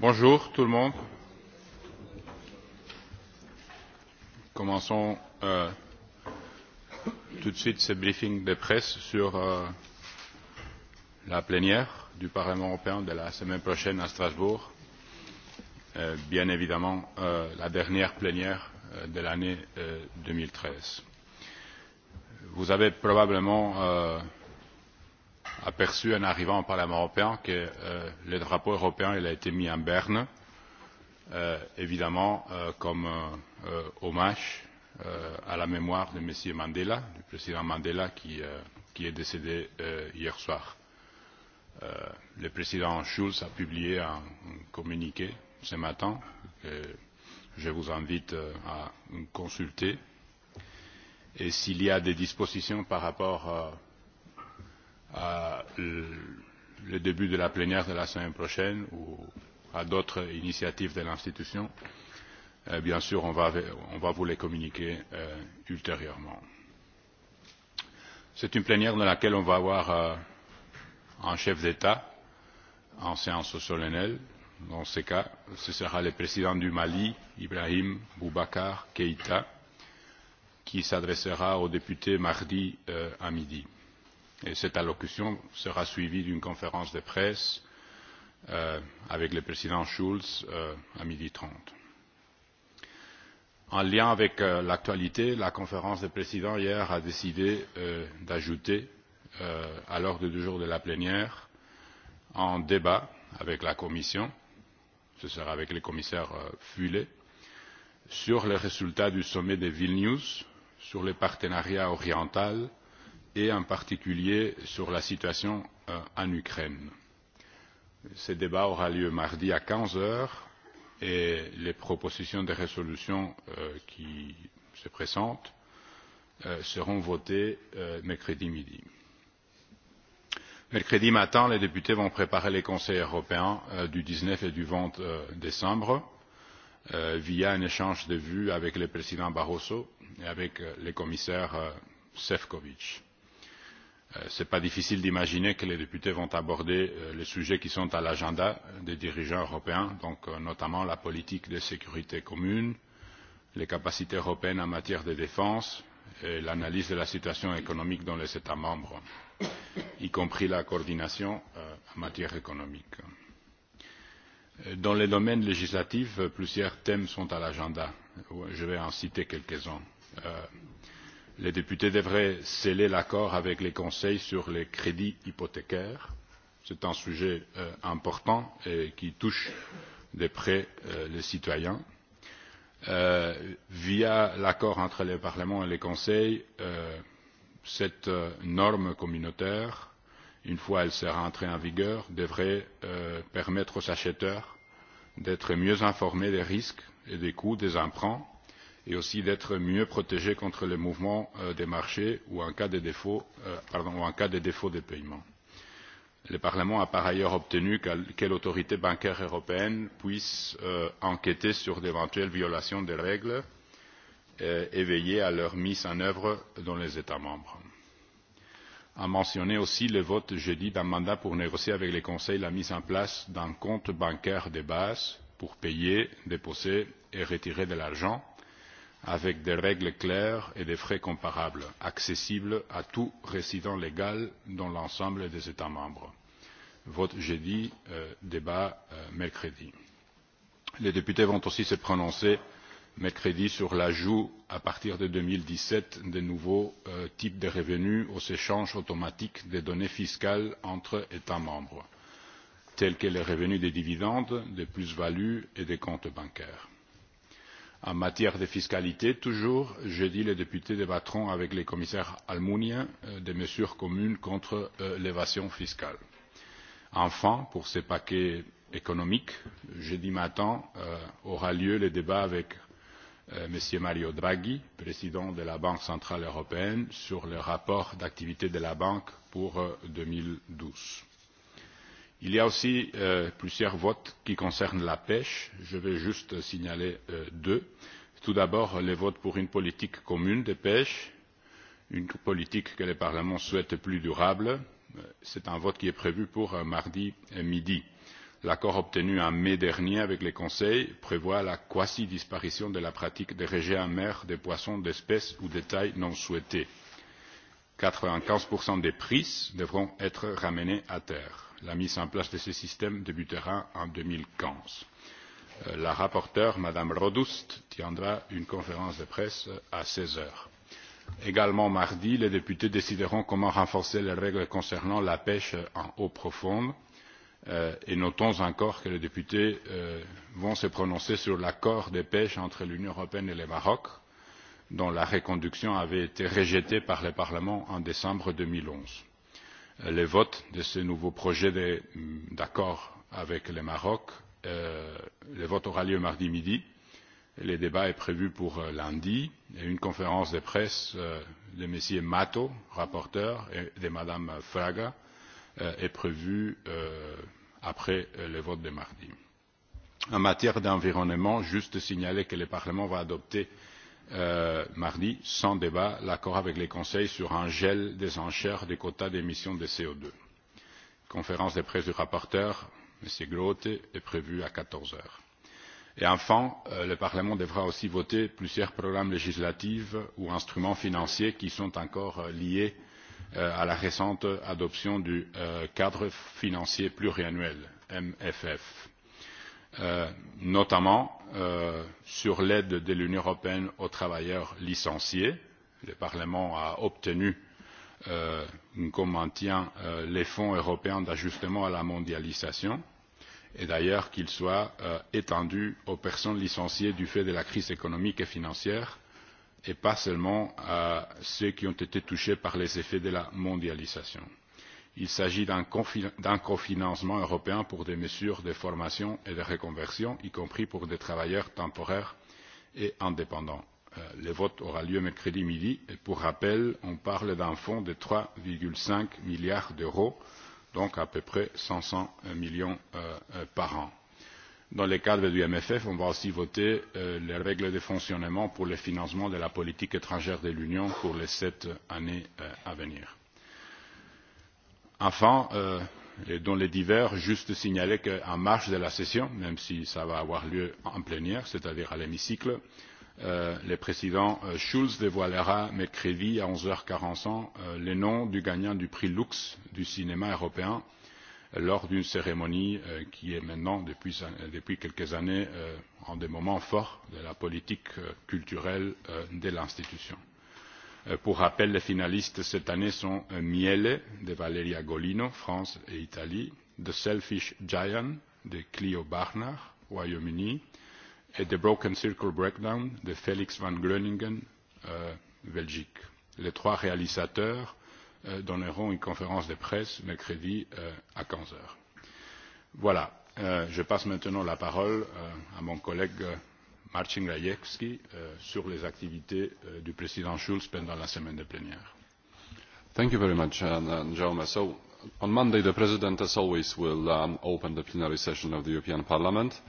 Bonjour tout le monde. Commençons euh, tout de suite ce briefing de presse sur euh, la plénière du Parlement européen de la semaine prochaine à Strasbourg. Euh, bien évidemment, euh, la dernière plénière euh, de l'année euh, 2013. Vous avez probablement euh, aperçu en arrivant au Parlement européen que euh, le drapeau européen il a été mis en berne, euh, évidemment euh, comme hommage à la mémoire de M. Mandela, du président Mandela qui, est décédé hier soir. le président Schulz a publié un, communiqué ce matin que je vous invite à consulter. Et s'il y a des dispositions par rapport à le début de la plénière de la semaine prochaine ou à d'autres initiatives de l'institution. Euh, bien sûr, on va, on va vous les communiquer euh, ultérieurement. C'est une plénière dans laquelle on va avoir euh, un chef d'État en séance solennelle. Dans ce cas, ce sera le président du Mali, Ibrahim Boubacar Keïta, qui s'adressera aux députés mardi euh, à midi. Euh, et cette allocution sera suivie d'une conférence de presse euh, avec le président schulz euh, à midi trente. en lien avec euh, l'actualité la conférence des présidents hier a décidé d'ajouter à l'ordre du jour de la plénière un débat avec la commission ce sera avec le commissaire füle sur les résultats du sommet de vilnius sur le partenariat oriental et en particulier sur la situation euh, en Ukraine. Ce débat aura lieu mardi à 15 heures et les propositions de résolution euh, qui se présentent euh, seront votées mercredi midi. Mercredi matin, les députés vont préparer les conseils européens du 19 et du 20 décembre via un échange de vues avec le président Barroso et avec le commissaire Sefcovic il euh, n'est pas difficile d'imaginer que les députés vont aborder euh, les sujets qui sont à l'agenda des dirigeants européens donc euh, notamment la politique de sécurité commune les capacités européennes en matière de défense et l'analyse de la situation économique dans les états membres y compris la coordination en matière économique. dans les domaines législatifs plusieurs thèmes sont à l'agenda. je vais en citer quelques uns les députés devraient sceller l'accord avec le conseil sur les crédits hypothécaires. c'est un sujet euh, important qui touche de près euh, les citoyens. Euh, via l'accord entre le parlement et le conseil cette norme communautaire une fois qu'elle sera entrée en vigueur devrait permettre aux acheteurs d'être mieux informés des risques et des coûts des emprunts et aussi d'être mieux protégés contre les mouvements euh, des marchés ou en cas de défaut, euh, de, paiement. Le Parlement a par ailleurs obtenu que l'autorité bancaire européenne puisse euh, enquêter sur d'éventuelles violations des règles et veiller à leur mise en œuvre dans les États membres. je mentionne aussi le vote jeudi d'un mandat pour négocier avec le Conseil la mise en place d'un compte bancaire de base pour payer, déposer et retirer de l'argent avec des règles claires et des frais comparables accessibles à tout résident légal dans l'ensemble des états membres. vote jeudi euh, débat euh, mercredi. les députés vont aussi se prononcer mercredi sur l'ajout à partir de deux mille dix sept de nouveaux euh, types de revenus aux échanges automatiques des données fiscales entre états membres tels que les revenus des dividendes des plus values et des comptes bancaires en matière de fiscalité toujours jeudi les députés débattront avec le commissaire almunia euh, des mesures communes contre euh, l'évasion fiscale. enfin pour ce paquet économique jeudi matin euh, aura lieu le débat avec m. mario draghi président de la banque centrale européenne sur le rapport d'activité de la banque pour deux mille douze il y a aussi euh, plusieurs votes qui concernent la pêche je vais juste signaler euh, deux tout d'abord le vote pour une politique commune de la pêche une politique que le parlement souhaite plus durable euh, c'est un vote qui est prévu pour mardi midi. l'accord obtenu en mai dernier avec le conseil prévoit la quasi disparition de la pratique des rejets en mer des poissons d'espèces ou de tailles non souhaitées. quatre vingt quinze des prises devront être ramenées à terre la mise en place de ce système débutera en deux mille quinze euh, la rapporteure mme rodust tiendra une conférence de presse euh, à seize heures. également mardi les députés décideront comment renforcer les règles concernant la pêche en eau profonde euh, et notons encore que les députés vont se prononcer sur l'accord de pêche entre l'union européenne et le maroc dont la reconduction avait été rejetée par le parlement en décembre deux mille onze le vote de ce nouveau projet mm, d'accord avec le Maroc. Euh, le vote aura lieu mardi midi. Le débat est prévu pour euh, lundi et une conférence de presse euh, de M. Mato, rapporteur, et de Mme Fraga euh, est prévue après le vote de mardi. En matière d'environnement, je juste signaler que le Parlement va adopter Euh, mardi, sans débat, l'accord avec le Conseil sur un gel des enchères des quotas d'émission de co deux la Conférence de presse du rapporteur, M. groote est prévue à quatorze heures. Et enfin, euh, le Parlement devra aussi voter plusieurs programmes législatifs ou instruments financiers qui sont encore euh, liés à la récente adoption du cadre financier pluriannuel, MFF. notamment euh, sur l'aide de l'Union européenne aux travailleurs licenciés. Le Parlement a obtenu euh, qu'on maintienne euh, les fonds européens d'ajustement à la mondialisation et d'ailleurs qu'ils soient euh, étendu aux personnes licenciées du fait de la crise économique et financière et pas seulement à ceux qui ont été touchés par les effets de la mondialisation. Il s'agit d'un cofinancement européen pour des mesures de formation et de reconversion, y compris pour des travailleurs temporaires et indépendants. Euh, le vote aura lieu mercredi midi et pour rappel, on parle d'un fonds de 3,5 milliards d'euros, donc à peu près 500 euh, millions euh, par an. Dans le cadre du MFF, on va aussi voter les règles de fonctionnement pour le financement de la politique étrangère de l'Union pour les sept années à venir enfin euh, et dont les divers juste signaler qu'en marge de la session même si cela va avoir lieu en plénière c'est à dire à l'hémicycle euh, le président euh, schulz dévoilera mercredi à onze h quarante cinq le nom du gagnant du prix lux du cinéma européen lors d'une cérémonie qui est maintenant depuis quelques années un des moments forts de la politique culturelle de l'institution. Euh, pour rappel les finalistes cette année sont euh, miele de valeria golino france et italie the selfish giant de clio barnard royaume uni et the broken circle breakdown de felix van groeningen euh, belgique. les trois réalisateurs euh, donneront une conférence de presse mercredi euh, à quinze heures. voilà euh, je passe maintenant la parole à mon collègue Marcin Gajewski euh, sur les activités euh, du président Schulz pendant la semaine de plénière. Thank you very much, Jaume. So on Monday, the President, as always, will um, open the plenary session of the European Parliament.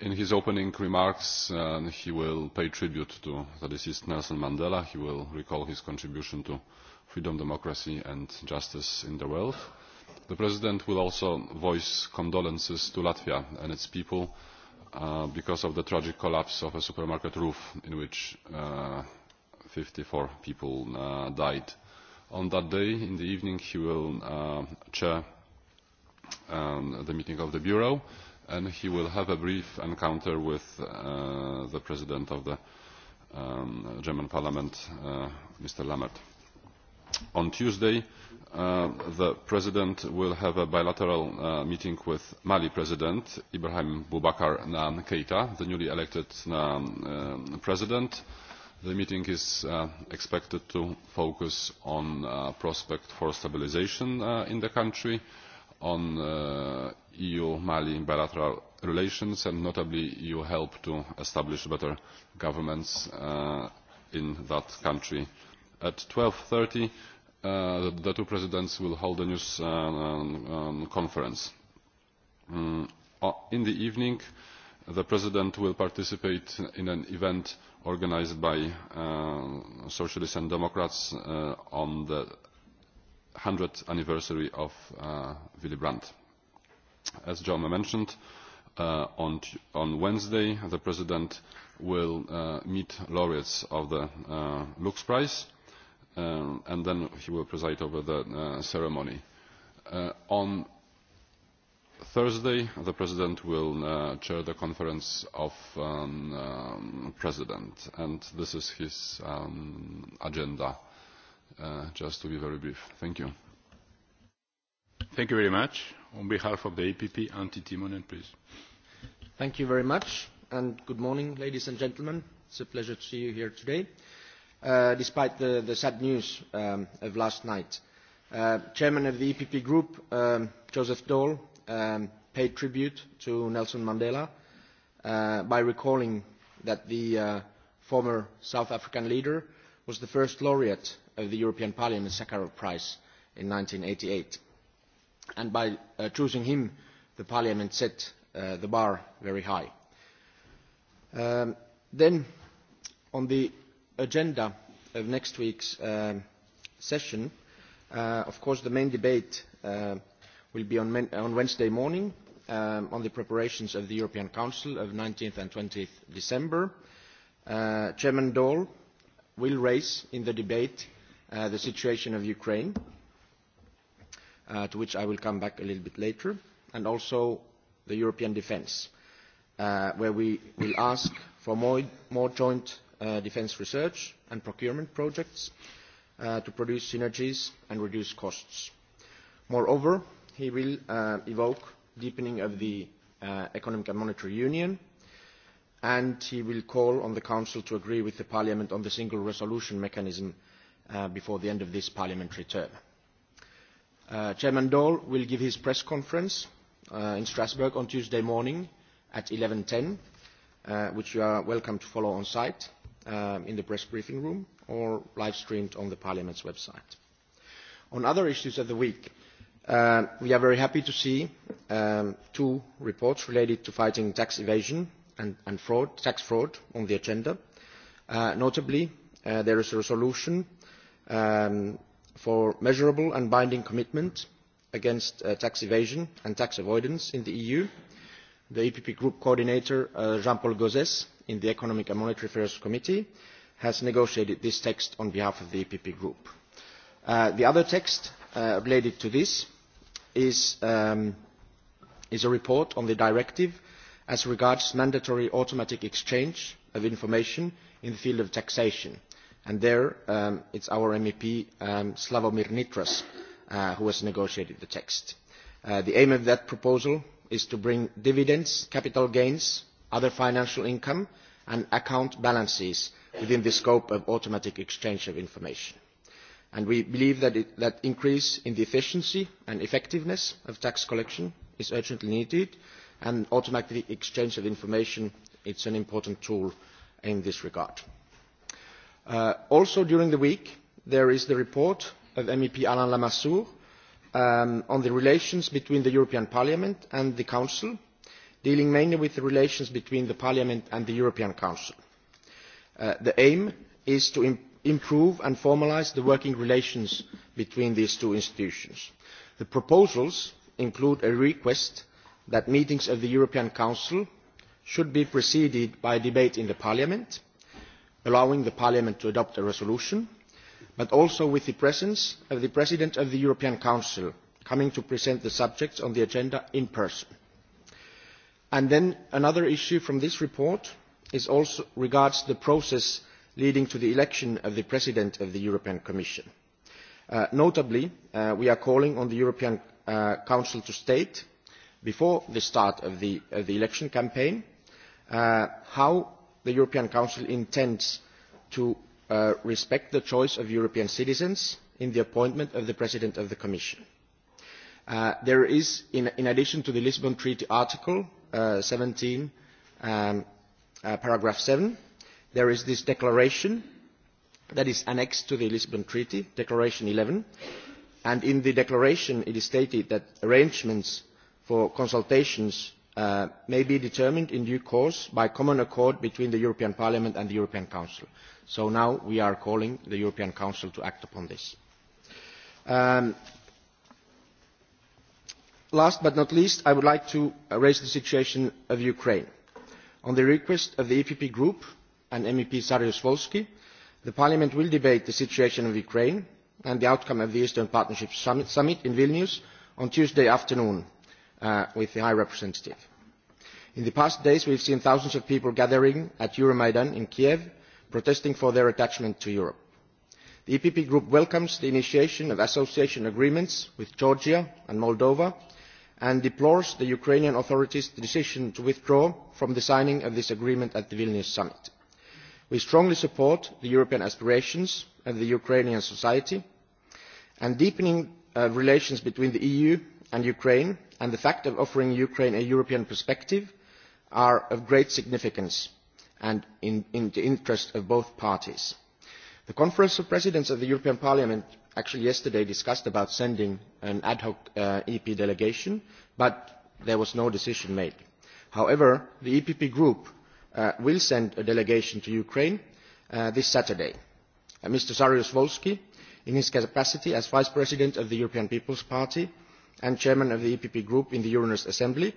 In his opening remarks, uh, he will pay tribute to the deceased Nelson Mandela. He will recall his contribution to freedom, democracy and justice in the world. The President will also voice condolences to Latvia and its people Uh, because of the tragic collapse of a supermarket roof in which uh, 54 people uh, died. On that day, in the evening, he will uh, chair um, the meeting of the Bureau and he will have a brief encounter with uh, the President of the um, German Parliament, uh, Mr. Lammert on tuesday uh, the president will have a bilateral uh, meeting with mali president ibrahim boubacar keita the newly elected um, uh, president. the meeting is expected to focus on the prospects for stabilisation in the country on eu mali bilateral relations and notably eu help to establish better governance in that country at twelve thirty uh, the two presidents will hold a news uh, um, um, conference. Um, in the evening the president will participate in an event organised by uh, socialists and democrats uh, on the 100th anniversary of uh, Willy Brandt. As Jaume mentioned, uh, on, on Wednesday the president will uh, meet laureates of the uh, Lux Prize. Uh, um, and then he will preside over the uh, ceremony. Uh, on Thursday, the President will uh, chair the conference of um, um, President, and this is his um, agenda, uh, just to be very brief. Thank you. Thank you very much. On behalf of the EPP, Antti Timonen, please. Thank you very much, and good morning, ladies and gentlemen. It's a pleasure to see you here today uh, despite the, the sad news um, of last night. Uh, chairman of the EPP group, um, Joseph Daul, um, paid tribute to Nelson Mandela uh, by recalling that the uh, former South African leader was the first laureate of the European Parliament Sakharov Prize in 1988. And by uh, choosing him, the Parliament set uh, the bar very high. Um, then, on the agenda of next week's um, session, uh, of course, the main debate uh, will be on, on Wednesday morning um, on the preparations of the European Council of 19th and 20th December. Uh, Chairman Daul will raise in the debate uh, the situation of Ukraine, uh, to which I will come back a little bit later, and also the European defence, uh, where we will ask for more, more joint Uh, defence research and procurement projects uh, to produce synergies and reduce costs. Moreover, he will uh, evoke deepening of the uh, Economic and Monetary Union, and he will call on the Council to agree with the Parliament on the single resolution mechanism uh, before the end of this parliamentary term. Uh, Chairman Daul will give his press conference uh, in Strasbourg on Tuesday morning at 11.10, uh, which you are welcome to follow on site uh, in the press briefing room or live streamed on the Parliament's website. On other issues of the week, uh, we are very happy to see um, two reports related to fighting tax evasion and, and fraud, tax fraud on the agenda. Uh, notably, uh, there is a resolution um, for measurable and binding commitment against uh, tax evasion and tax avoidance in the EU, the epp group coordinator uh, jean paul gauzs in the economic and monetary affairs committee has negotiated this text on behalf of the epp group. Uh, the other text uh, related to this um, is, a report on the directive as regards mandatory automatic exchange of information in the field of taxation and there um, it is our mep um, slavomir nitras who has negotiated the text. the aim of that proposal is to bring dividends capital gains other financial income and account balances within the scope of automatic exchange of information and we believe that an increase in the efficiency and effectiveness of tax collection is urgently needed and automatic exchange of information is an important tool in this regard. Uh, also during the week there is the report of mep alain lamassoure Um, on the relations between the European Parliament and the Council, dealing mainly with the relations between the Parliament and the European Council. Uh, the aim is to improve and formalise the working relations between these two institutions. The proposals include a request that meetings of the European Council should be preceded by a debate in the Parliament, allowing the Parliament to adopt a resolution but also with the presence of the president of the european council coming to present the subjects on the agenda in person. And then another issue from this report also regards the process leading to the election of the president of the european commission. Uh, notably uh, we are calling on the european uh, council to state before the start of the, election campaign how the european council intends Uh, respect the choice of European citizens in the appointment of the President of the Commission. Uh, there is, in, in, addition to the Lisbon Treaty Article uh, 17, um, uh, paragraph 7, there is this declaration that is annexed to the Lisbon Treaty, Declaration 11, and in the declaration it is stated that arrangements for consultations uh, may be determined in due course by common accord between the European Parliament and the European Council. So now we are calling the European Council to act upon this. Um, last but not least, I would like to raise the situation of Ukraine. On the request of the EPP Group and MEP Sarius Wolski, the Parliament will debate the situation of Ukraine and the outcome of the Eastern Partnership Summit, summit in Vilnius on Tuesday afternoon uh, with the High Representative. In the past days, we have seen thousands of people gathering at Euromaidan in Kiev protesting for their attachment to europe. the epp group welcomes the initiation of association agreements with georgia and moldova and deplores the ukrainian authorities' decision to withdraw from the signing of this agreement at the vilnius summit. we strongly support the european aspirations of the ukrainian society and deepening uh, relations between the eu and ukraine and the fact of offering ukraine a european perspective are of great significance and in, the interest of both parties. the conference of presidents of the european parliament actually yesterday discussed sending an ad hoc uh, ep delegation but there was no decision made. however the epp group uh, will send a delegation to ukraine uh, this saturday. mr saryusz wolski in his capacity as vice president of the european people's party and chairman of the epp group in the euronest assembly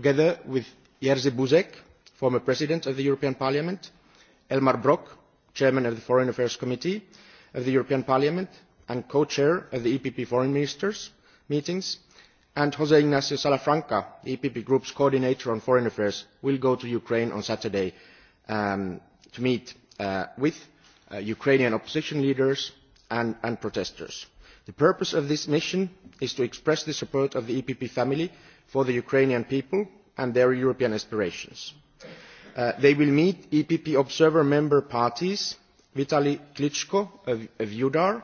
together with jerzy buzek former president of the european parliament elmar brok chairman of the foreign affairs committee of the european parliament and co chair of the epp foreign ministers meetings and jos ignacio salafranca the epp group's coordinator on foreign affairs will go to ukraine on saturday um, to meet uh, with uh, ukrainian opposition leaders and, and protesters. the purpose of this mission is to express the support of the epp family for the ukrainian people and their european aspirations Uh, they will meet epp observer member parties vitaly klitschko of, udar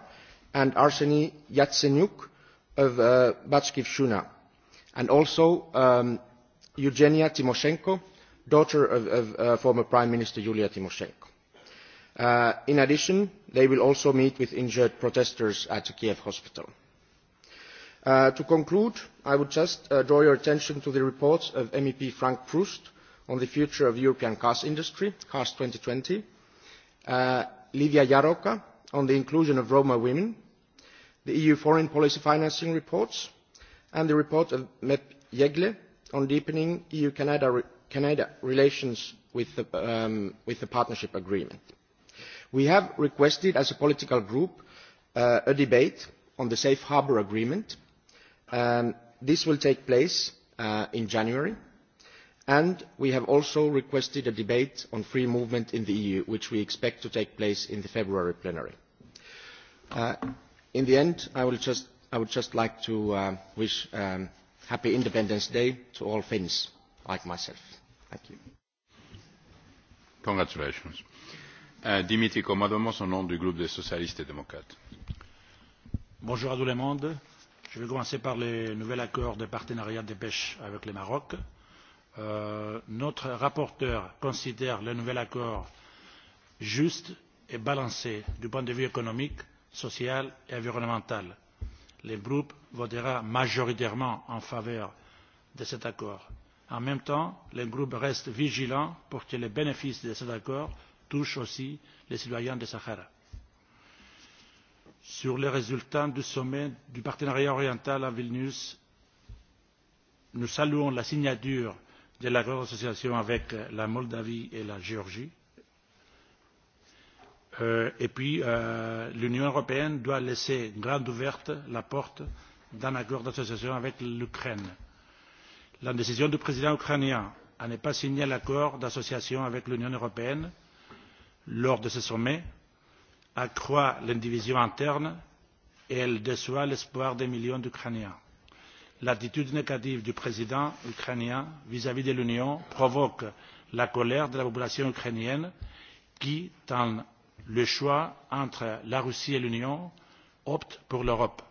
and arseniy yatsenyuk of uh, and also um, eugenia tymoshenko daughter of, uh, former prime minister yulia tymoshenko. Uh, in addition they will also meet with injured protesters at the kiev hospital. to conclude i would just draw your attention to the report of mep frank proust on the future of European cars industry, Cars 2020, uh, Livia Jaroka on the inclusion of Roma women, the EU foreign policy financing reports, and the report of MEP Jegle on deepening EU-Canada re Canada relations with the, um, with the partnership agreement. We have requested as a political group uh, a debate on the safe harbour agreement. Um, this will take place uh, in January and we have also requested a debate on free movement in the eu which we expect to take place in the february plenary. Uh, in the end i would just, like to uh, wish um, happy independence day to all finns like myself. thank you. congratulations. Uh, dimitri komadamos au nom du groupe des socialistes et démocrates. bonjour à tout le monde. je vais commencer par le nouvel accord de partenariat de pêche avec le maroc Euh, notre rapporteur considère le nouvel accord juste et balancé du point de vue économique social et environnemental. le groupe votera majoritairement en faveur de cet accord. en même temps le groupe reste vigilant pour que les bénéfices de cet accord touchent aussi les citoyens du sahara. sur les résultats du sommet du partenariat oriental à vilnius nous saluons la signature de l'accord d'association avec euh, la moldavie et la géorgie euh, et puis euh, l'union européenne doit laisser grande ouverte la porte d'un accord d'association avec l'ukraine. la décision du président ukrainien de ne pas signer l'accord d'association avec l'union européenne lors de ce sommet accroît les divisions internes et elle déçoit l'espoir de millions d'ukrainiens l'attitude négative du président ukrainien vis à vis de l'union provoque la colère de la population ukrainienne qui dans le choix entre la russie et l'union opte pour l'europe.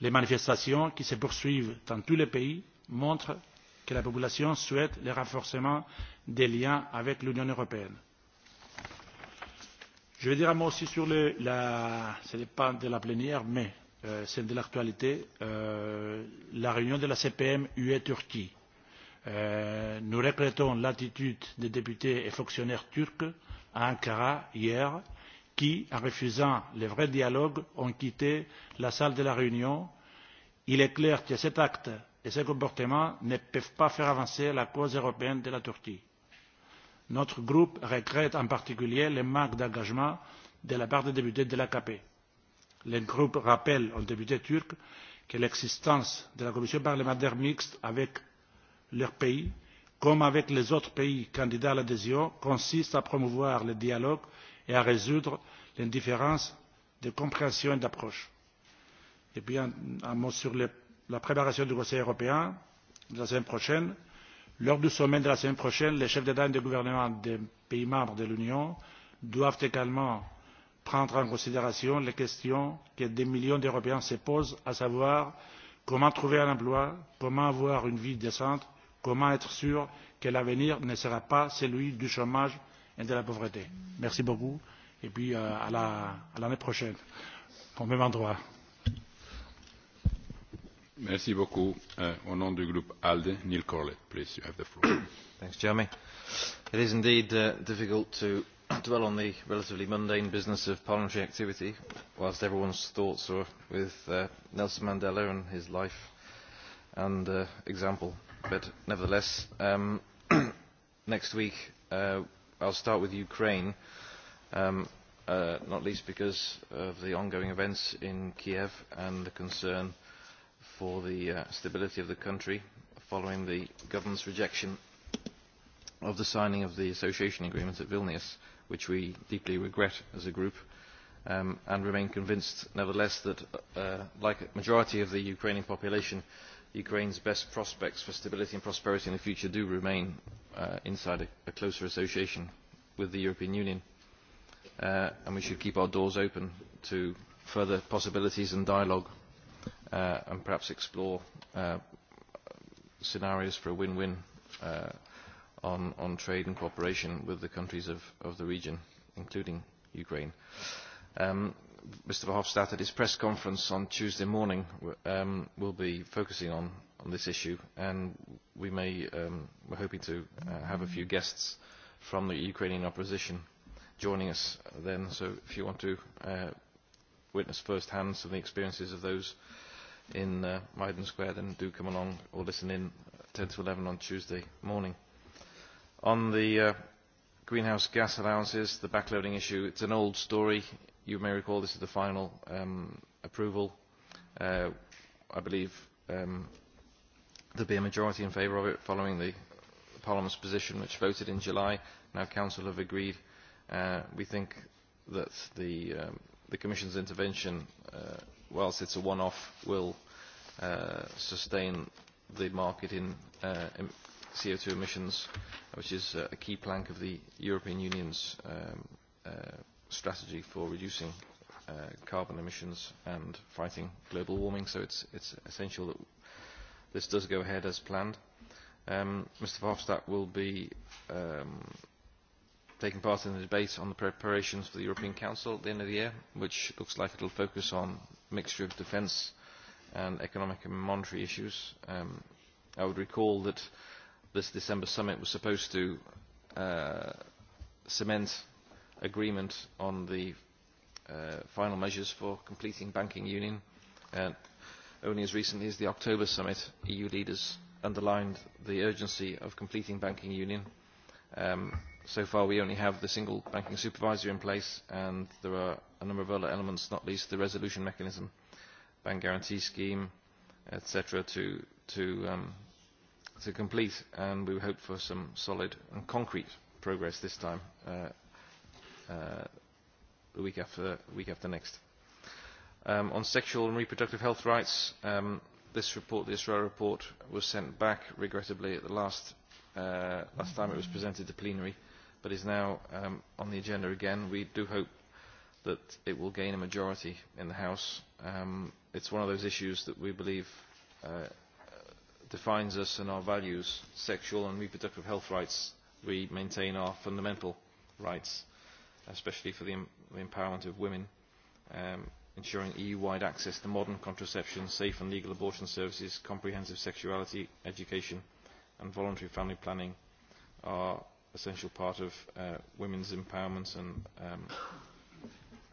les manifestations qui se poursuivent dans tout le pays montrent que la population souhaite le renforcement des liens avec l'union européenne. je vais dire un mot aussi sur la ce n'est pas de la plénière mais euh, c'est de l'actualité, euh, la réunion de la CPM UE-Turquie. Euh, nous regrettons l'attitude des députés et fonctionnaires turcs à Ankara hier, qui, en refusant le vrai dialogue, ont quitté la salle de la réunion. Il est clair que cet acte et ce comportement ne peuvent pas faire avancer la cause européenne de la Turquie. Notre groupe regrette en particulier le manque d'engagement de la part des députés de l'AKP le groupe rappelle aux député turc que l'existence de la commission parlementaire mixte avec leur pays comme avec les autres pays candidats à l'adhésion consiste à promouvoir le dialogue et à résoudre les différences de compréhension et d'approche. et puis un, mot sur la préparation du conseil européen de la semaine prochaine. lors du sommet de la semaine prochaine les chefs d'état et de gouvernement des pays membres de l'union doivent également prendre en considération les questions que des millions d'européens se posent à savoir comment trouver un emploi comment avoir une vie décente comment être sûr que l'avenir ne sera pas celui du chômage et de la pauvreté. merci beaucoup et puis euh, à l'année prochaine au même endroit. Merci beaucoup. Euh, au nom du groupe ALDE, Neil Corlett, please, you have the floor. Thanks, Jeremy. It is indeed uh, difficult to dwell on the relatively mundane business of parliamentary activity, whilst everyone's thoughts are with uh, Nelson Mandela and his life and uh, example. But nevertheless, um, next week uh, I'll start with Ukraine, um, uh, not least because of the ongoing events in Kiev and the concern for the uh, stability of the country following the government's rejection of the signing of the association agreement at Vilnius which we deeply regret as a group um, and remain convinced nevertheless that uh, like a majority of the Ukrainian population Ukraine's best prospects for stability and prosperity in the future do remain uh, inside a, a closer association with the European Union uh, and we should keep our doors open to further possibilities and dialogue uh, and perhaps explore uh, scenarios for a win-win uh, on, on trade and cooperation with the countries of, of the region, including Ukraine. Um, Mr Verhofstadt at his press conference on Tuesday morning um, will be focusing on, on this issue and we may, um, we're hoping to uh, have a few guests from the Ukrainian opposition joining us then. So if you want to uh, witness firsthand some of the experiences of those in uh, Maidan Square, then do come along or listen in 10 to 11 on Tuesday morning on the uh, greenhouse gas allowances the backloading issue it's an old story you may recall this is the final um, approval uh, i believe there um, there'll be a majority in favour of it following parliament's position which voted in july now council have agreed uh, we think that the um, commission's intervention whilst whilst it's a one off will sustain the market in CO2 emissions, which is uh, a key plank of the European Union's um, uh, strategy for reducing uh, carbon emissions and fighting global warming. So it's, it's essential that this does go ahead as planned. Um, Mr Verhofstadt will be um, taking part in the debate on the preparations for the European Council at the end of the year, which looks like it will focus on a mixture of defence and economic and monetary issues. Um, I would recall that this December summit was supposed to uh, cement agreement on the uh, final measures for completing banking union. And uh, only as recently as the October summit, EU leaders underlined the urgency of completing banking union. Um, so far we only have the single banking supervisor in place and there are a number of other elements, not least the resolution mechanism, bank guarantee scheme, etc., to, to um, to complete and we hope for some solid and concrete progress this time uh, uh, the week after, week after next. Um, on sexual and reproductive health rights, um, this report, the Israel report, was sent back regrettably at the last, uh, last time it was presented to plenary, but is now um, on the agenda again. We do hope that it will gain a majority in the House. Um, it's one of those issues that we believe uh, defines us and our values, sexual and reproductive health rights, we maintain our fundamental rights, especially for the, the empowerment of women, um, ensuring EU-wide access to modern contraception, safe and legal abortion services, comprehensive sexuality education and voluntary family planning are essential part of uh, women's empowerment and um,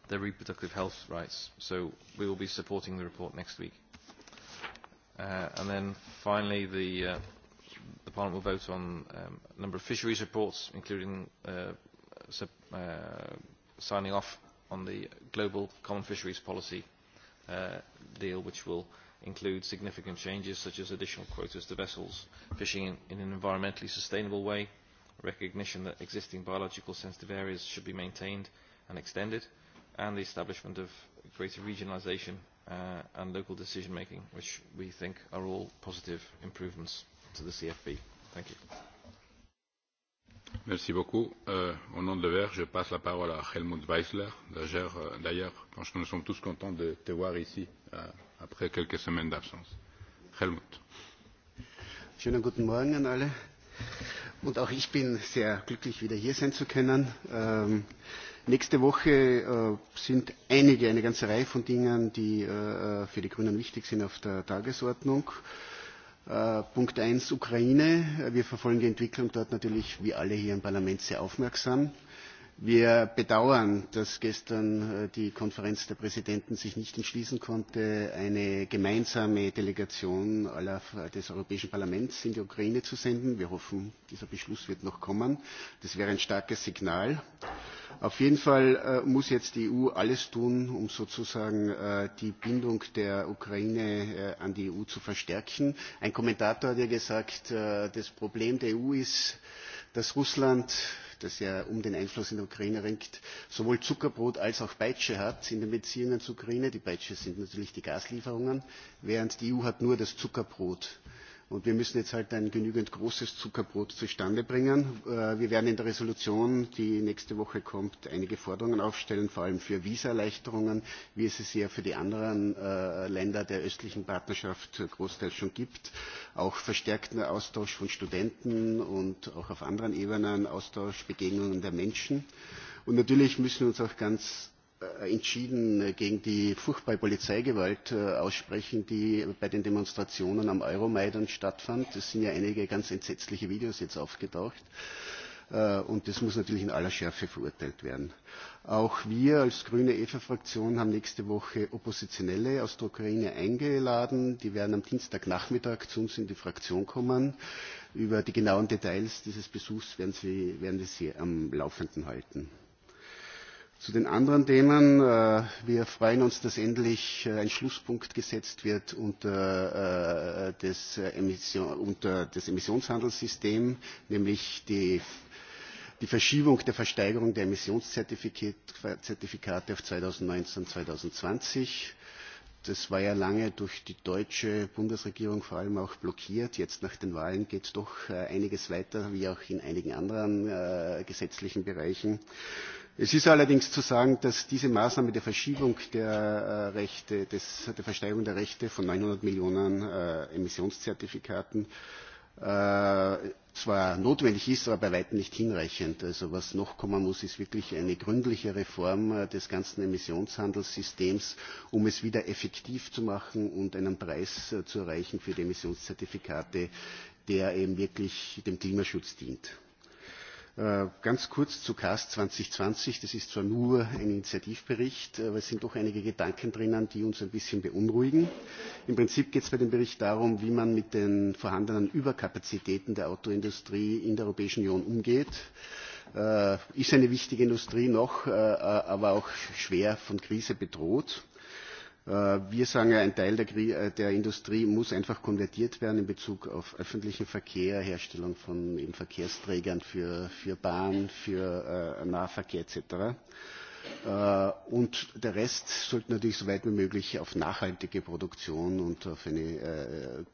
their reproductive health rights. So we will be supporting the report next week. Uh, and then finally, the, uh, the Parliament will vote on um, a number of fisheries reports, including uh, sub, uh, signing off on the global common fisheries policy uh, deal, which will include significant changes such as additional quotas to vessels fishing in, in an environmentally sustainable way, recognition that existing biological sensitive areas should be maintained and extended, and the establishment of greater regionalisation uh, and local decision making, which we think are all positive improvements to the CFP. Thank you. Merci beaucoup. Euh, au nom de Vert, je passe la parole à Helmut Weisler. D'ailleurs, euh, nous sommes tous contents de te voir ici euh, après quelques semaines d'absence. Helmut. Schönen guten Morgen an alle. Und auch ich bin sehr glücklich, wieder hier sein zu können. Ähm, Nächste Woche äh, sind einige, eine ganze Reihe von Dingen, die äh, äh für die Grünen wichtig sind, auf der Tagesordnung. Äh, Punkt 1, Ukraine. Wir verfolgen die Entwicklung dort natürlich, wie alle hier im Parlament, sehr aufmerksam. Wir bedauern, dass gestern äh, die Konferenz der Präsidenten sich nicht entschließen konnte, eine gemeinsame Delegation aller des Europäischen Parlaments in die Ukraine zu senden. Wir hoffen, dieser Beschluss wird noch kommen. Das wäre ein starkes Signal. Äh, Auf jeden Fall äh, muss jetzt die EU alles tun, um sozusagen äh, die Bindung der Ukraine äh, an die EU zu verstärken. Ein Kommentator hat ja gesagt, äh, das Problem der EU ist, dass Russland das ja um den Einfluss in der Ukraine ringt, sowohl Zuckerbrot als auch Peitsche hat in den Beziehungen zur Ukraine. Die Peitsche sind natürlich die Gaslieferungen, während die EU hat nur das Zuckerbrot Und wir müssen jetzt halt ein genügend großes Zuckerbrot zustande bringen. Äh, wir werden in der Resolution, die nächste Woche kommt, einige Forderungen aufstellen, vor allem für Visaerleichterungen, wie es es ja für die anderen äh, Länder der östlichen Partnerschaft großteils schon gibt. Auch verstärkten Austausch von Studenten und auch auf anderen Ebenen Austausch, Begegnungen der Menschen. Und natürlich müssen wir uns auch ganz Äh, entschieden äh, gegen die furchtbare Polizeigewalt äh, aussprechen, die bei den Demonstrationen am Euromaidan stattfand. Es sind ja einige ganz entsetzliche Videos jetzt aufgetaucht. Und das muss natürlich in aller Schärfe verurteilt werden. Auch wir als grüne EFA-Fraktion haben nächste Woche Oppositionelle aus der Ukraine eingeladen. Die werden am Dienstagnachmittag zu uns in die Fraktion kommen. Über die genauen Details dieses Besuchs werden, Sie, werden wir Sie am Laufenden halten. Zu den anderen Themen. Äh, wir freuen uns, dass endlich äh, ein Schlusspunkt gesetzt wird unter äh, das, Emission, unter das Emissionshandelssystem, nämlich die, die Verschiebung der Versteigerung der Emissionszertifikate auf 2019, 2020. Das war ja lange durch die deutsche Bundesregierung vor allem auch blockiert. Jetzt nach den Wahlen geht doch einiges weiter, wie auch in einigen anderen äh, gesetzlichen Bereichen. Es ist allerdings zu sagen, dass diese Maßnahme der Verschiebung der, äh, Rechte, des, der Versteigerung der Rechte von 900 Millionen äh, Emissionszertifikaten äh, zwar notwendig ist, aber bei weitem nicht hinreichend. Also was noch kommen muss, ist wirklich eine gründliche Reform äh, des ganzen Emissionshandelssystems, um es wieder effektiv zu machen und einen Preis äh, zu erreichen für die Emissionszertifikate, der eben wirklich dem Klimaschutz dient. Äh, ganz kurz zu CAST 2020. Das ist zwar nur ein Initiativbericht, äh, aber es sind doch einige Gedanken drinnen, die uns ein bisschen beunruhigen. Im Prinzip geht es bei dem Bericht darum, wie man mit den vorhandenen Überkapazitäten der Autoindustrie in der Europäischen Union umgeht. Äh, ist eine wichtige Industrie noch, aber auch schwer von Krise bedroht Äh, wir sagen ja, ein Teil der, äh, der Industrie muss einfach konvertiert werden in Bezug auf öffentlichen Verkehr, Herstellung von eben Verkehrsträgern für, für Bahn, für äh, Nahverkehr etc. Äh, und der Rest sollte natürlich so weit wie möglich auf nachhaltige Produktion und auf eine äh,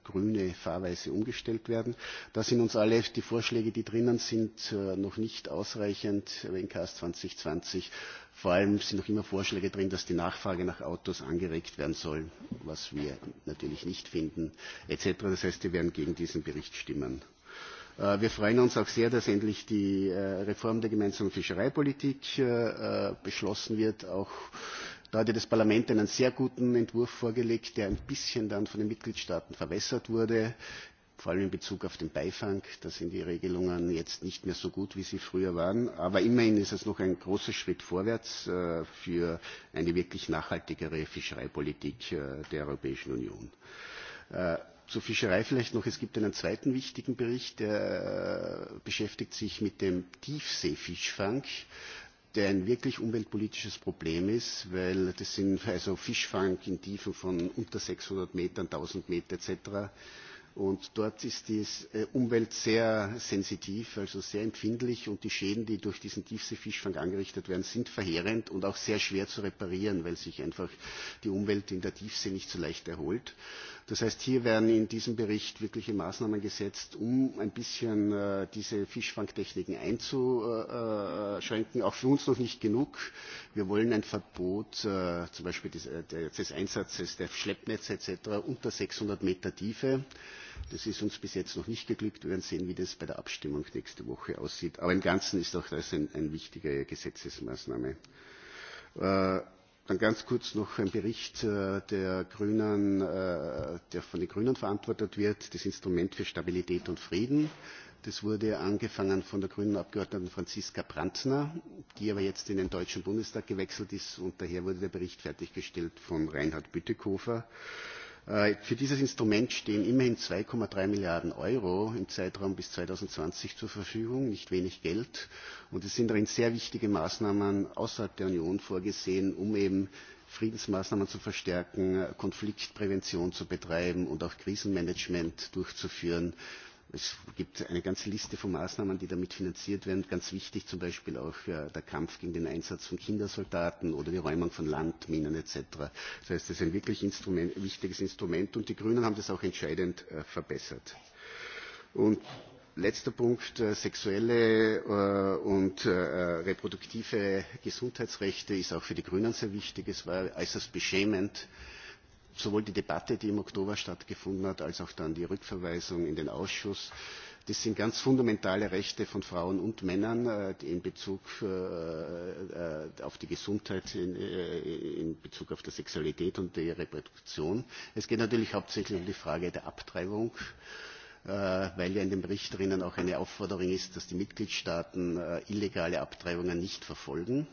Fahrweise umgestellt werden. Da sind uns alle die Vorschläge, die drinnen sind, äh, noch nicht ausreichend. Wenn CAS 2020 vor allem sind noch immer Vorschläge drin, dass die Nachfrage nach Autos angeregt werden soll, was wir natürlich nicht finden, etc. Das heißt, wir werden gegen diesen Bericht stimmen. Äh, wir freuen uns auch sehr, dass endlich die äh, Reform der gemeinsamen Fischereipolitik beschlossen wird. Auch da hat ja das Parlament einen sehr guten Entwurf vorgelegt, der ein bisschen dann von den Mitgliedstaaten verwässert wurde, vor allem in Bezug auf den Beifang. Da sind die Regelungen jetzt nicht mehr so gut, wie sie früher waren. Aber immerhin ist es noch ein großer Schritt vorwärts äh, für eine wirklich nachhaltigere Fischereipolitik äh, der Europäischen Union. Äh, zur Fischerei vielleicht noch. Es gibt einen zweiten wichtigen Bericht, der beschäftigt sich mit dem Tiefseefischfang der ein wirklich umweltpolitisches Problem ist, weil das sind also Fischfang in Tiefen von unter 600 Metern, 1000 Meter etc. Und dort ist die äh, Umwelt sehr sensitiv, also sehr empfindlich und die Schäden, die durch diesen Tiefseefischfang angerichtet werden, sind verheerend und auch sehr schwer zu reparieren, weil sich einfach die Umwelt in der Tiefsee nicht so leicht erholt. Das heißt, hier werden in diesem Bericht wirkliche Maßnahmen gesetzt, um ein bisschen äh, diese Fischfangtechniken einzuschränken. Auch für uns noch nicht genug. Wir wollen ein Verbot äh, zum Beispiel des, äh, des Einsatzes der Schleppnetze etc. unter 600 Meter Tiefe. Das ist uns bis jetzt noch nicht geglückt. Wir werden sehen, wie das bei der Abstimmung nächste Woche aussieht. Aber im Ganzen ist auch das eine ein wichtige Gesetzesmaßnahme. Äh, Dann ganz kurz noch ein Bericht äh, der Grünen, äh, der von den Grünen verantwortet wird, das Instrument für Stabilität und Frieden. Das wurde angefangen von der grünen Abgeordneten Franziska Brandner, die aber jetzt in den Deutschen Bundestag gewechselt ist und daher wurde der Bericht fertiggestellt von Reinhard Bütikofer. Äh, Äh, für dieses Instrument stehen immerhin 2,3 Milliarden Euro im Zeitraum bis 2020 zur Verfügung, nicht wenig Geld. Und es sind darin sehr wichtige Maßnahmen außerhalb der Union vorgesehen, um eben Friedensmaßnahmen zu verstärken, Konfliktprävention zu betreiben und auch Krisenmanagement durchzuführen Es gibt eine ganze Liste von Maßnahmen, die damit finanziert werden. Ganz wichtig zum Beispiel auch äh, der Kampf gegen den Einsatz von Kindersoldaten oder die Räumung von Landminen etc. Das heißt, es ist ein wirklich Instrument, wichtiges Instrument und die Grünen haben das auch entscheidend äh, verbessert. Und letzter Punkt, äh, sexuelle äh, und äh, äh reproduktive Gesundheitsrechte ist auch für die Grünen sehr wichtig. Es war äußerst beschämend, äh, sowohl die Debatte, die im Oktober stattgefunden hat, als auch dann die Rückverweisung in den Ausschuss. Das sind ganz fundamentale Rechte von Frauen und Männern äh, die in Bezug äh, äh, auf die Gesundheit, in Bezug auf die Sexualität und die Reproduktion. Es geht natürlich hauptsächlich um die Frage der Abtreibung weil ja in dem Bericht drinnen auch eine Aufforderung ist, dass die Mitgliedstaaten illegale Abtreibungen nicht verfolgen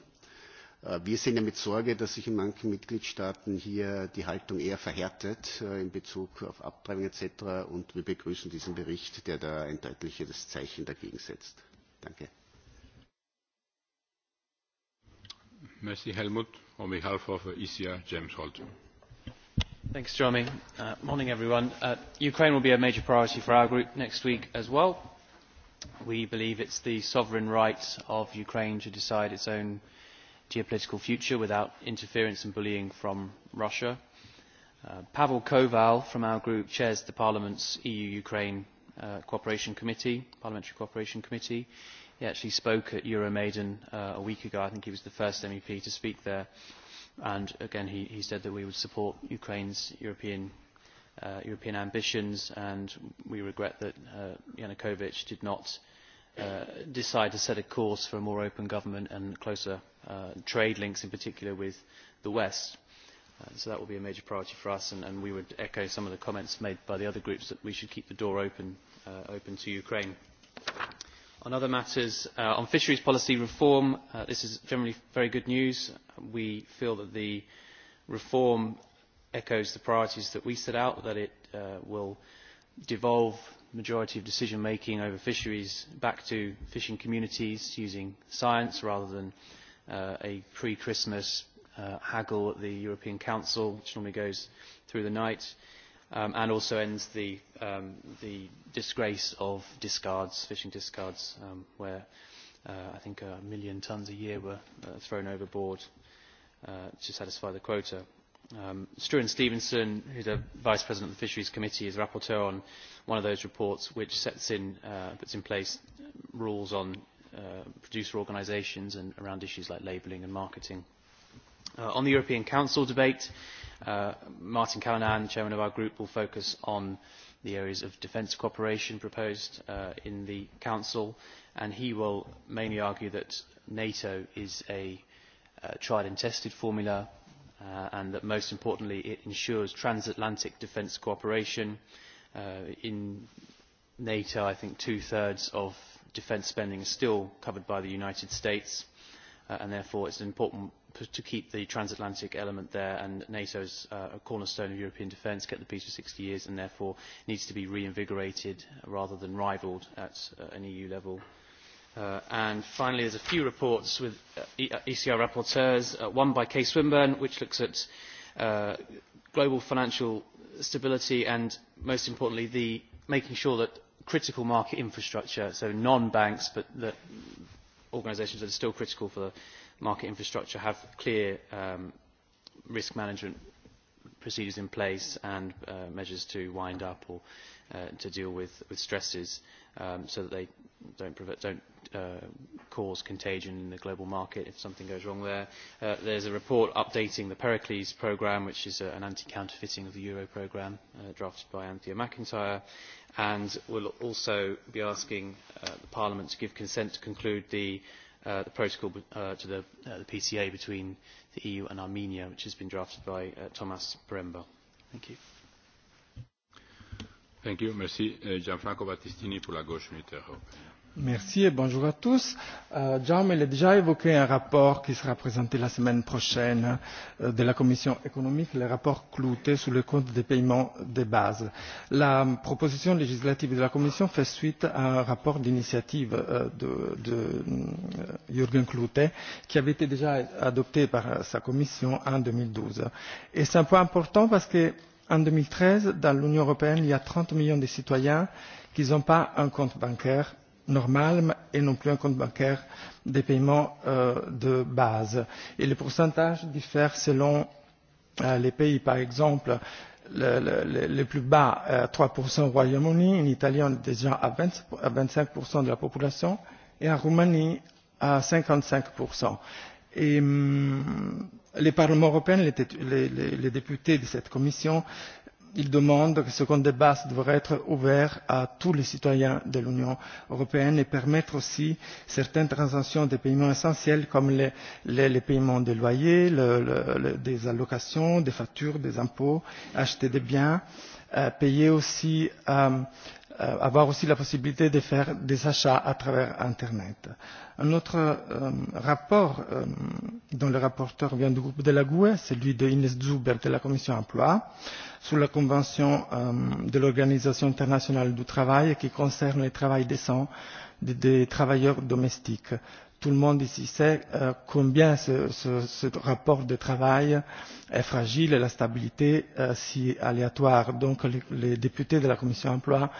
Äh, wir sehen ja mit Sorge, dass sich in manchen Mitgliedstaaten hier die Haltung eher verhärtet äh, in Bezug auf Abtreibung etc. Und wir begrüßen diesen Bericht, der da ein deutliches Zeichen dagegen setzt. Danke. Merci Helmut. On behalf of ECR, James Holt. Thanks, Jeremy. Uh, morning, everyone. Uh, Ukraine will be a major priority for our group next week as well. We believe it's the sovereign right of Ukraine to decide its own geopolitical future without interference and bullying from Russia. Uh, Pavel Koval from our group chairs the Parliament's EU-Ukraine uh, Cooperation Committee, Parliamentary Cooperation Committee. He actually spoke at Euromaidan uh, a week ago. I think he was the first MEP to speak there. And again, he, he said that we would support Ukraine's European, uh, European ambitions, and we regret that uh, Yanukovych did not uh, Uh, decide to set a course for a more open government and closer uh, trade links in particular with the west. Uh, so that will be a major priority for us and, we would echo some of the comments made by the other groups that we should keep the door open to ukraine. on other matters on fisheries policy reform this is generally very good news. we feel that the reform echoes the priorities that we set out that it will devolve majority of decision making over fisheries back to fishing communities using science rather than uh, a pre Christmas uh, haggle at the European Council, which normally goes through the night, um, and also ends the, um, the disgrace of discards, fishing discards, um, where uh, I think a million tonnes a year were uh, thrown overboard uh, to satisfy the quota Um, Struan Stevenson, who is Vice President of the Fisheries Committee, is rapporteur on one of those reports which sets in, uh, puts in place rules on uh, producer organisations and around issues like labelling and marketing. Uh, on the European Council debate, Martin Callanan, chairman of our group, will focus on the areas of defence cooperation proposed in the Council, and he will mainly argue that NATO is a tried and tested formula Uh, and that most importantly it ensures transatlantic defence cooperation. Uh, in NATO, I think two-thirds of defence spending is still covered by the United States, uh, and therefore it is important to keep the transatlantic element there, and NATO is a cornerstone of European defence, kept the peace for 60 years, and therefore needs to be reinvigorated rather than rivalled at an EU level. Uh, and finally there are a few reports with uh, ecr uh, rapporteurs one by kay swinburne which looks at global financial stability and most importantly the, making sure that critical market infrastructure so non banks but organisations that are still critical for the market infrastructure have clear um, risk management procedures in place and measures to wind up or to deal with, stresses um, so that they don't, don't uh, cause contagion in the global market if something goes wrong there. Uh, there's a report updating the Pericles program, which is uh, an anti-counterfeiting of the Euro program, uh, drafted by Anthea McIntyre. And we'll also be asking uh, the Parliament to give consent to conclude the, uh, the protocol uh, to the, uh, the PCA between the EU and Armenia, which has been drafted by uh, Thomas Bremba. Thank you. Thank you. Merci. Gianfranco Battistini pour la gauche unitaire européenne. Merci et bonjour à tous. Euh, Jaume a déjà évoqué un rapport qui sera présenté la semaine prochaine euh, de la Commission économique, le rapport Clouté sur le compte des paiements de bases. La proposition législative de la Commission fait suite à un rapport d'initiative euh, de, de euh, Jürgen Clouté qui avait été déjà adopté par euh, sa Commission en 2012. Et c'est un point important parce que en 2013, dans l'Union européenne, il y a 30 millions de citoyens qui n'ont pas un compte bancaire normal et non plus un compte bancaire des paiements euh, de base. Et les pourcentages diffèrent selon euh, les pays. Par exemple, le, le, le plus bas, euh, 3% au Royaume-Uni, en Italie, on est déjà à, 20, à 25% de la population, et en Roumanie, à 55%. Et hum, les parlements européens, les, les, les, les députés de cette commission, euh, il demande que ce compte de base devrait être ouvert à tous les citoyens de l'Union européenne et permettre aussi certaines transactions de paiements essentiels comme les, les, les paiements des loyers, le, le, le, des allocations, des factures, des impôts, acheter des biens, euh, payer aussi, euh, euh, avoir aussi la possibilité de faire des achats à travers Internet. Un autre euh, rapport euh, dont le rapporteur vient du groupe de la GUE, celui de Ines Zuber de la Commission emploi, euh, sur la Convention euh, de l'Organisation internationale du travail qui concerne le travail décent des, travailleurs domestiques. Tout le monde ici sait euh, combien ce, ce, ce rapport de travail est fragile et la stabilité euh, si aléatoire. Donc les, les députés de la Commission emploi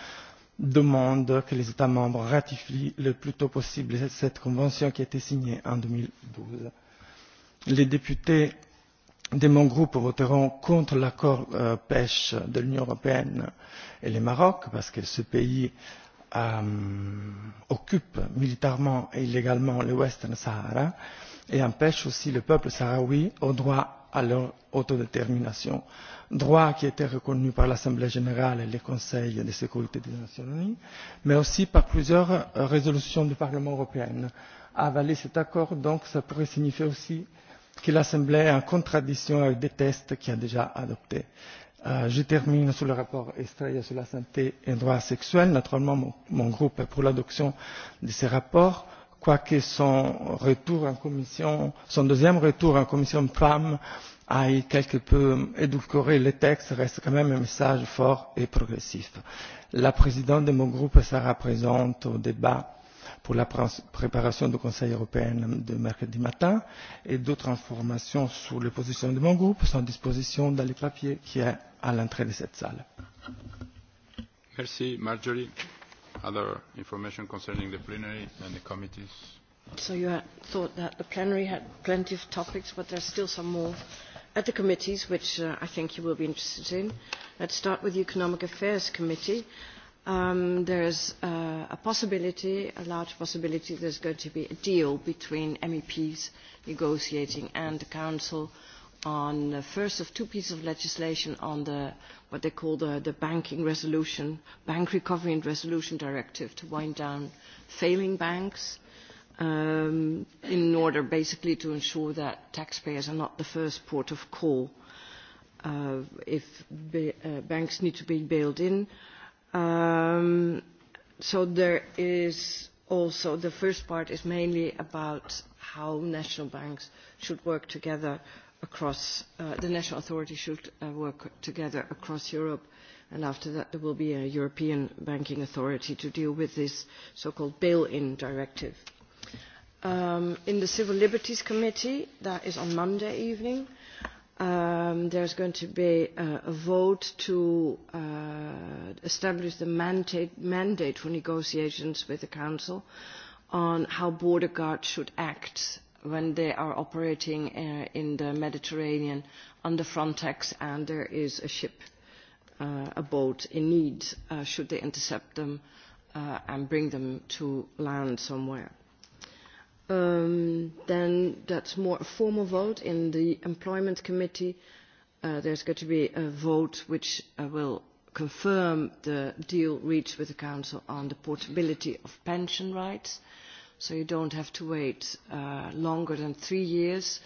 demandent que les États membres ratifient le plus tôt possible cette convention qui a été signée en 2012. Les députés de mon groupe voteront contre l'accord euh, pêche de l'union européenne et le maroc parce que ce pays euh, occupe militairement et illégalement le western sahara et empêche aussi le peuple sahraoui au droit à leur autodétermination droit qui a été reconnu par l'assemblée générale et le conseil de sécurité des nations unies mais aussi par plusieurs euh, résolutions du parlement européen. avaler cet accord donc ça pourrait signifier aussi que l'Assemblée est en contradiction avec des tests qu'il a déjà adoptés. Euh, je termine sur le rapport Estrella sur la santé et les droits sexuels. Naturellement, mon, mon groupe est pour l'adoption de ce rapport, quoique son retour en commission, son deuxième retour en commission PAM aille quelque peu édulcorer le texte, reste quand même un message fort et progressif. La présidente de mon groupe sera présente au débat pour la préparation du Conseil européen de mercredi matin et d'autres informations sur le positionnement de mon groupe sont à disposition dans les papiers qui est à l'entrée de cette salle. Merci Marjorie. Other information concerning the plenary and the committees? So you had thought that the plenary had plenty of topics, but there's still some more at the committees, which uh, I think you will be interested in. Let's start with the Economic Affairs Committee um, is uh, a possibility, a large possibility, there's going to be a deal between MEPs negotiating and the Council on the first of two pieces of legislation on the, what they call the, the banking resolution, bank recovery and resolution directive to wind down failing banks um, in order basically to ensure that taxpayers are not the first port of call uh, if ba uh, banks need to be bailed in. Uh, Um, so there is also the first part is mainly about how national banks should work together across uh, the national authorities should uh, work together across Europe and after that there will be a European banking authority to deal with this so-called bail-in directive. Um, in the Civil Liberties Committee, that is on Monday evening, um, is going to be a vote to uh, establish the mandate, mandate for negotiations with the Council on how border guards should act when they are operating uh, in the Mediterranean under Frontex and there is a ship, uh, a boat in need, uh, should they intercept them uh, and bring them to land somewhere um, then that's more a formal vote in the employment committee. Uh, there's going to be a vote which uh, will confirm the deal reached with the council on the portability of pension rights. So you don't have to wait uh, longer than three years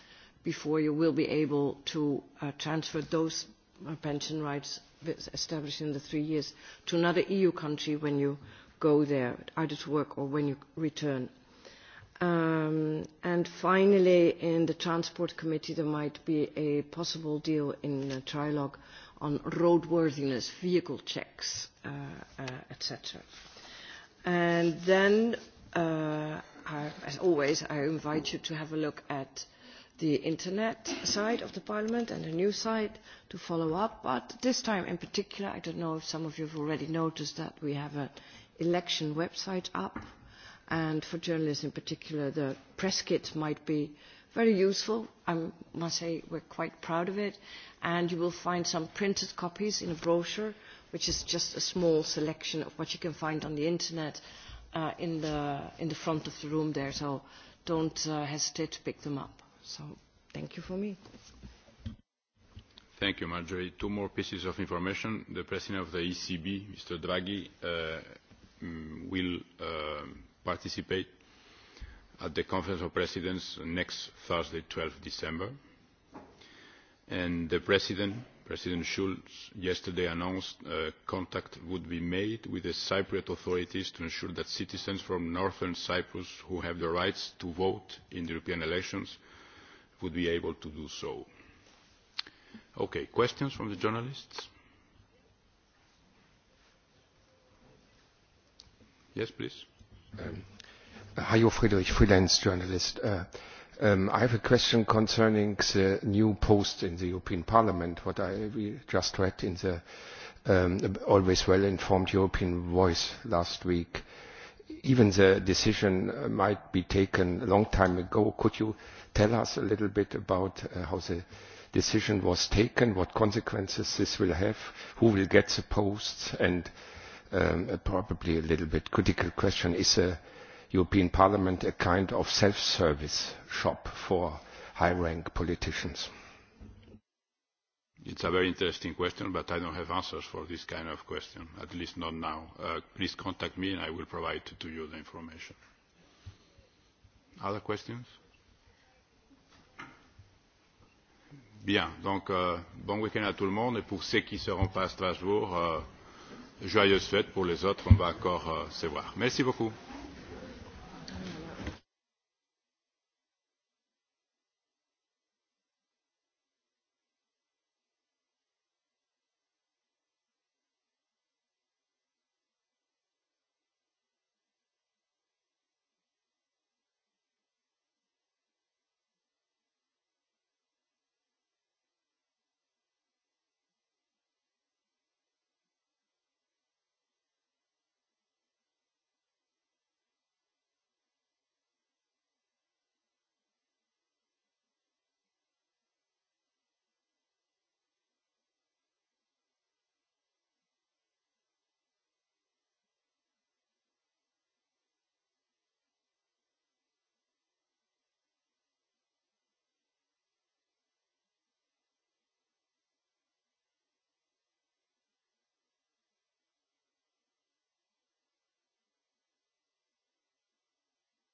before you will be able to uh, transfer those uh, pension rights established in the three years to another EU country when you go there, either to work or when you return Um, and finally, in the Transport Committee, there might be a possible deal in the trilogue on roadworthiness, vehicle checks, uh, uh etc. And then, uh, as always, I invite you to have a look at the internet side of the Parliament and the news side to follow up. But this time in particular, I don't know if some of you have already noticed that we have an election website up and for journalists in particular, the press kit might be very useful. I must say we're quite proud of it. And you will find some printed copies in a brochure, which is just a small selection of what you can find on the internet uh, in, the, in the front of the room there. So don't uh, hesitate to pick them up. So thank you for me. Thank you, Marjorie. Two more pieces of information. The president of the ECB, Mr. Draghi, uh, mm, will uh, participate at the Conference of Presidents next Thursday, 12 December. And the President, President Schulz, yesterday announced uh, contact would be made with the Cypriot authorities to ensure that citizens from northern Cyprus who have the rights to vote in the European elections would be able to do so. Okay, questions from the journalists? Yes, please. Um, Hajo Friedrich, freelance journalist. Uh, um, I have a question concerning the new post in the European Parliament, what I just read in the um, always well-informed European Voice last week. Even the decision uh, might be taken a long time ago. Could you tell us a little bit about uh, how the decision was taken, what consequences this will have, who will get the posts, and uh, um, uh, probably a little bit critical question. Is the European Parliament a kind of self-service shop for high-rank politicians? It's a very interesting question, but I don't have answers for this kind of question, at least not now. Uh, please contact me and I will provide to you the information. Other questions? Bien, donc euh, bon week-end à tout le monde et pour ceux qui ne seront pas à Strasbourg, euh, joyeuses fêtes pour les autres on va encore euh, se voir. merci beaucoup.